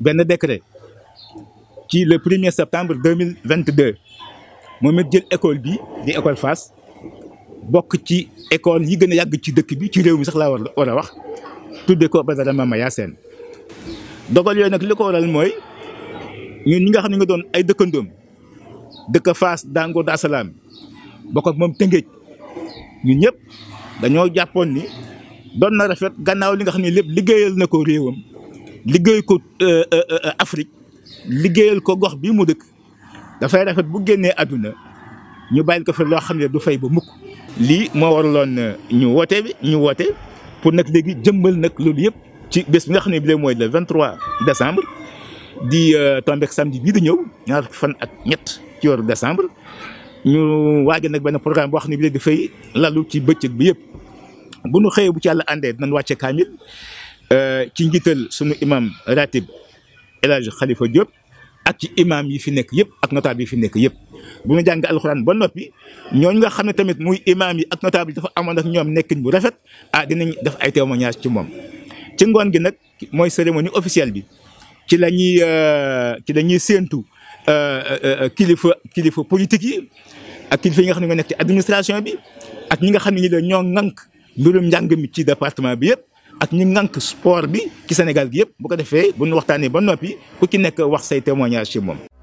benn décret ci le premier septembre deux mille vingt deux moom it jël école bi di école Fass bokk ci école yi gën a yàgg ci dëkk bi ci réew mi sax laa war war a wax tudde ko Badara Mamaya Sène dogal yooyu nag li ko waral mooy ñun ñi nga xam ne nga doon ay dëkkandoom dëkk Fass Dango Dar Salaam bokk moom Tëngéej ñun ñëpp dañoo jàppoon ni doon na rafet gannaaw li nga xam ne lépp liggéeyal na ko réewam. liggéey ko euh, euh, euh, Afrique liggéeyal ko gox bii mu dëkk dafay rafet bu génnee àdduna ñu bàyyi ko fi loo xam ne du fay ba mukk lii moo war loon ñu woote bi ñu woote pour nag léegi jëmbal nag loolu yëpp ci bés bi nga xam ne bii mooy le 23 décembre di tombeek samedi bii di ñëw ñaar fan ak ñett ci weeru décembre ñu waajal nag benn programme boo xam ne bii dafay lalu ci bëccëg bi yëpp bu nu xëyee bu ci yàlla àndee dinañ wàcce kaamil Euh, ci njiital sunu imaam ratib El Hadj Khalifa Diop ak ci imaam yi fi nekk yëpp ak notable yi fi nekk yëpp bu ñu jàng alxuraan ba noppi ñooñu nga xam ne tamit muy imaam yi ak notable yi dafa amoon ak ñoom nekkin bu rafet ah dinañ def ay témoignage ci moom ci ngoon gi nag mooy cérémonie officielle bi ci la ñuy euh, ci la ñuy séentu euh, kilifa kilifa politique yi ak kilifa yi nga xam ne ñoo nekk ci administration bi ak ñi nga xam ne ñi la ñoo ŋànk mbirum njàng mi ci département bi yëpp ak ñu ngànk sport bi ci Sénégal gi yëpp bu ko defee bu waxtaan waxtaanee ba noppi ku ci nekk wax say témoignage ci moom.